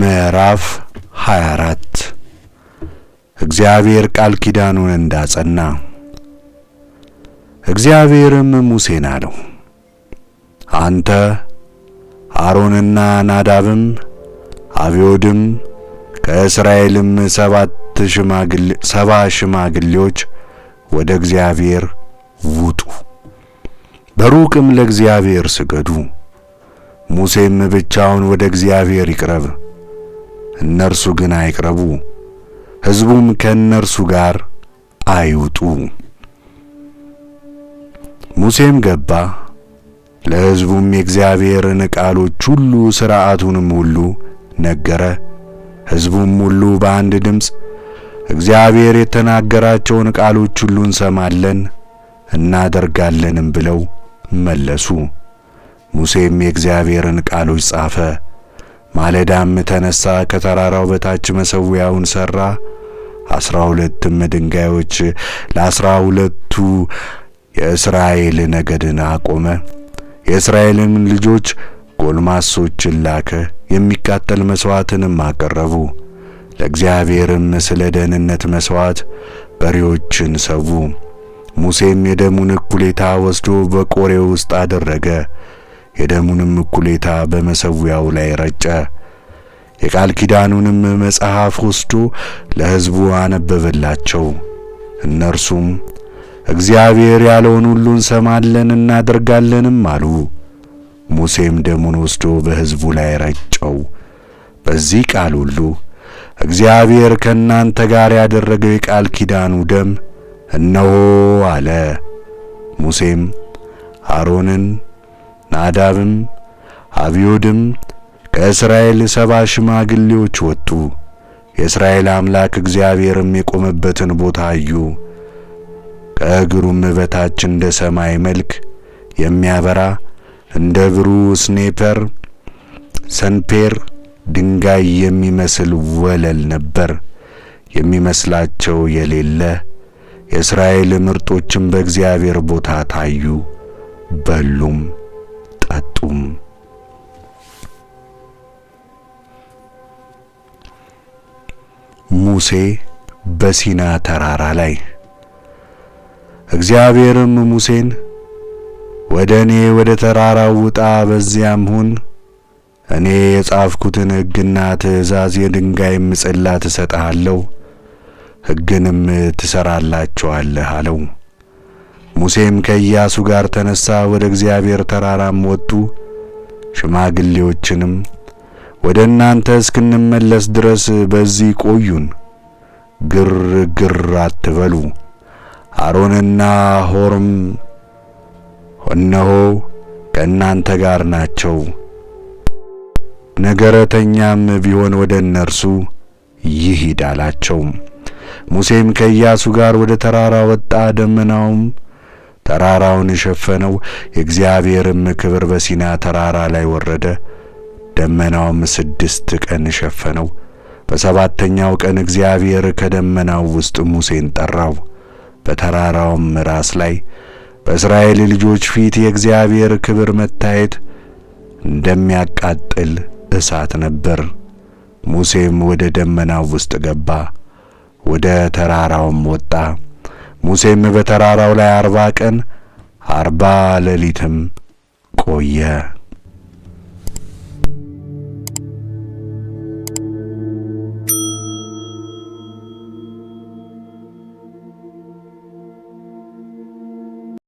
ምዕራፍ 24 እግዚአብሔር ቃል ኪዳኑን እንዳጸና። እግዚአብሔርም ሙሴን አለው፣ አንተ አሮንና ናዳብም አብዮድም ከእስራኤልም ሰባት ሽማግሌ ሰባ ሽማግሌዎች ወደ እግዚአብሔር ውጡ፣ በሩቅም ለእግዚአብሔር ስገዱ። ሙሴም ብቻውን ወደ እግዚአብሔር ይቅረብ እነርሱ ግን አይቅረቡ፣ ሕዝቡም ከእነርሱ ጋር አይውጡ። ሙሴም ገባ፣ ለሕዝቡም የእግዚአብሔርን ቃሎች ሁሉ ሥርዓቱንም ሁሉ ነገረ። ሕዝቡም ሁሉ በአንድ ድምፅ እግዚአብሔር የተናገራቸውን ቃሎች ሁሉ እንሰማለን እናደርጋለንም ብለው መለሱ። ሙሴም የእግዚአብሔርን ቃሎች ጻፈ። ማለዳም ተነሳ፣ ከተራራው በታች መሰዊያውን ሰራ አስራ ሁለትም ድንጋዮች ለአስራ ሁለቱ የእስራኤል ነገድን አቆመ። የእስራኤልን ልጆች ጎልማሶችን ላከ፣ የሚቃጠል መሥዋዕትንም አቀረቡ። ለእግዚአብሔርም ስለ ደህንነት መሥዋዕት በሬዎችን ሰዉ። ሙሴም የደሙን እኩሌታ ወስዶ በቆሬ ውስጥ አደረገ። የደሙንም እኩሌታ በመሠዊያው ላይ ረጨ። የቃል ኪዳኑንም መጽሐፍ ወስዶ ለሕዝቡ አነበበላቸው። እነርሱም እግዚአብሔር ያለውን ሁሉ እንሰማለን እናደርጋለንም አሉ። ሙሴም ደሙን ወስዶ በሕዝቡ ላይ ረጨው። በዚህ ቃል ሁሉ እግዚአብሔር ከእናንተ ጋር ያደረገው የቃል ኪዳኑ ደም እነሆ አለ። ሙሴም አሮንን ናዳብም አብዮድም ከእስራኤል ሰባ ሽማግሌዎች ወጡ። የእስራኤል አምላክ እግዚአብሔርም የቆመበትን ቦታ አዩ። ከእግሩም በታች እንደ ሰማይ መልክ የሚያበራ እንደ ብሩ ስኔፐር ሰንፔር ድንጋይ የሚመስል ወለል ነበር። የሚመስላቸው የሌለ የእስራኤል ምርጦችም በእግዚአብሔር ቦታ ታዩ፣ በሉም። አይወጣጡም። ሙሴ በሲና ተራራ ላይ እግዚአብሔርም ሙሴን ወደ እኔ ወደ ተራራው ውጣ፣ በዚያም ሁን እኔ የጻፍኩትን ሕግና ትእዛዝ የድንጋይም ጽላት እሰጥሃለሁ ሕግንም ትሰራላችኋለህ አለው። ሙሴም ከኢያሱ ጋር ተነሳ፣ ወደ እግዚአብሔር ተራራም ወጡ። ሽማግሌዎችንም ወደ እናንተ እስክንመለስ ድረስ በዚህ ቆዩን፣ ግር ግር አትበሉ። አሮንና ሆርም እነሆ ከእናንተ ጋር ናቸው። ነገረተኛም ቢሆን ወደ እነርሱ ይሂድ አላቸው። ሙሴም ከኢያሱ ጋር ወደ ተራራ ወጣ፣ ደመናውም ተራራውን የሸፈነው የእግዚአብሔርም ክብር በሲና ተራራ ላይ ወረደ። ደመናውም ስድስት ቀን ሸፈነው። በሰባተኛው ቀን እግዚአብሔር ከደመናው ውስጥ ሙሴን ጠራው። በተራራውም ራስ ላይ በእስራኤል ልጆች ፊት የእግዚአብሔር ክብር መታየት እንደሚያቃጥል እሳት ነበር። ሙሴም ወደ ደመናው ውስጥ ገባ፣ ወደ ተራራውም ወጣ። ሙሴም በተራራው ላይ አርባ ቀን አርባ ሌሊትም ቆየ።